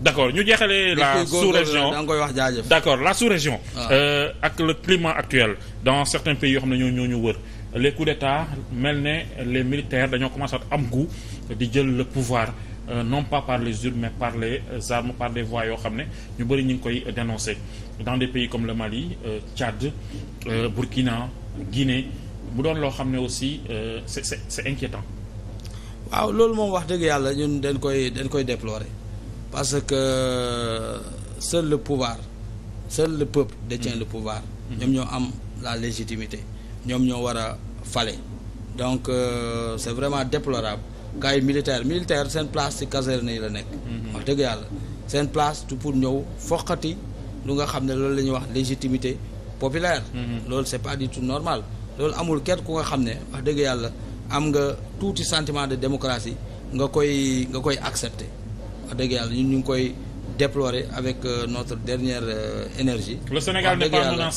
d'accord ñu jeexalee la sous-région d'accord la sous-région ah. euh, ak le climat actuel dans certains pays yoo xam ne ñoo ñoo ñu wër les coups d'état mel ne les militaires dañoo commencé at am goût di jël le pouvoir euh, non pas par les urnes mais par les euh, armes des voies yoo xam ne ñu bëri ñu ngi koy dénoncer dans des pays comme le Mali euh, Tchad euh, Burkina Guinée mu doon loo xam ne aussi c'est c'est c'est inquiétant waaw loolu moom wax dëgg yàlla ñun dañ koy dañ koy déplorer parce que euh, seul le pouvoir seul le peuple détient mm. le pouvoir mm. ñoom ñoo am la légitimité ñoom ñoo war a fale donc euh, c'est vraiment déplorable gars yi militaire militaire seen place ci caserne yi la nekk mm-hmm. wax dëgg yàlla seen place du pour ñëw foqati lu nga xam ne loolu la ñuy wax légitimité populaire mm-hmm. loolu c'est pas du tout normal loolu amul kenn ku nga xam ne wax dëgg yàlla am nga tuuti sentiment de démocratie nga koy nga koy accepté dëgg yàlla ñun ñu ngi koy déplorer avec euh, notre dernière euh, énergie. le Sénégal n'est pas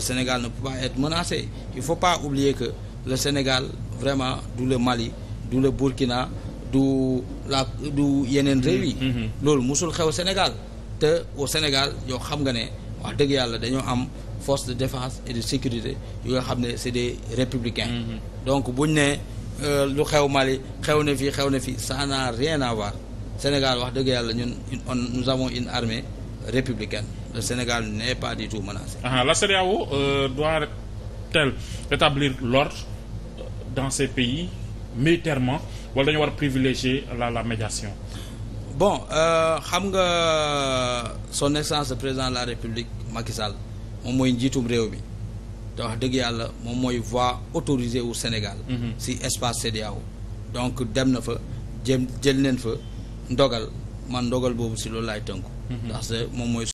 Sénégal ne peut pas être menacé il faut pas oublier que le Sénégal vraiment du le Mali du le Burkina du la du yeneen mm-hmm. réew yi. Mm-hmm. loolu mosul xew Sénégal te au Sénégal yow xam nga ne wax dëgg yàlla dañoo am force de défense et de sécurité yoo xam ne c'est des républicains. Mm-hmm. donc buñ ne euh, lu xew Mali xew na fii xew na fii saana n'a rien à Sénégal wax dëgg yàlla ñun on nous Sénégal n'est pas du tout menacé. Ah, la CEDEAO euh, euh, dans ces pays militairement wala dañu war privilégier la la médiation. bon euh, xam nga son excellence le la république Macky Sall moom mooy njiitum réew mi te wax dëgg yàlla voie autorisée wu Sénégal. Mm espace CEDEAO donc dem na fa jëm jël neen fa. ndogal man ndogal boobu si loolu laay tënku. Mhm. ndax moom mooy